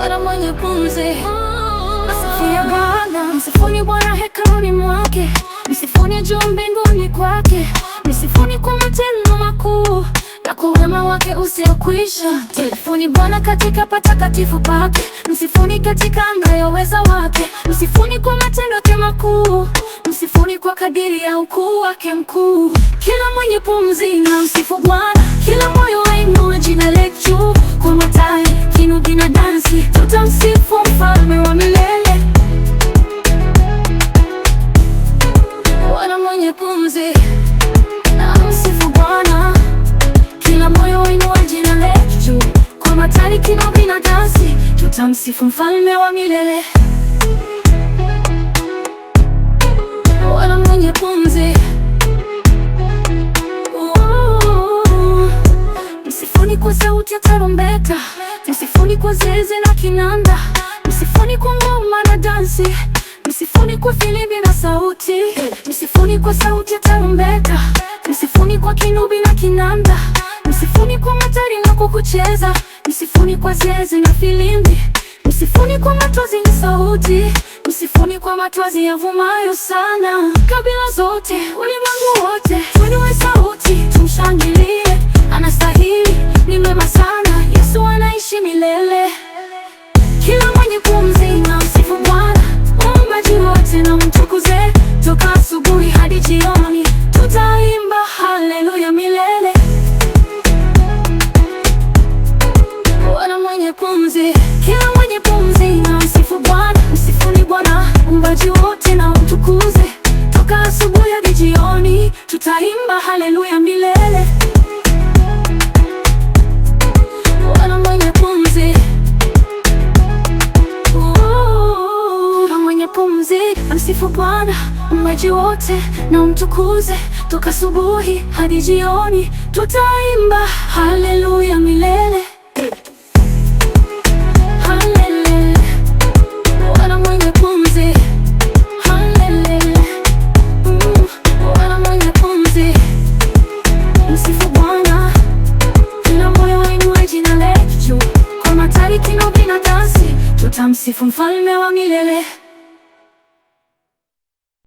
Bwana mwenye pumzi, msifuni Bwana, msifuni Bwana hekaluni mwake, msifuni juu mbinguni kwake, msifuni kwa matendo makuu na kwa wema wake usiokwisha. Msifuni Bwana katika patakatifu pake, msifuni katika anga ya uweza wake, msifuni kwa matendo yake makuu, msifuni kwa kadiri ya ukuu wake mkuu. Kila mwenye pumzi na msifu Bwana. Hatari kinubi na dansi, tutamsifu mfalme wa milele. Wala mwenye pumzi, msifuni kwa sauti ya tarumbeta, msifuni kwa zeze na kinanda, msifuni kwa ngoma na dansi, msifuni kwa filimbi na sauti, msifuni kwa sauti ya tarumbeta, msifuni kwa kinubi na kinanda, msifuni kwa matari na kukucheza kucheza Msifuni kwa zeze na filimbi, msifuni kwa matwazi na sauti, msifuni kwa matwazi yavumayo sana, kabila zote, ulimwengu wote tutaimba haleluya milele. Bwana mwenye pumzi, Bwana mwenye pumzi, amsifu Bwana umaji wote, na umtukuze toka subuhi hadi jioni, tutaimba watamsifu mfalme wa milele.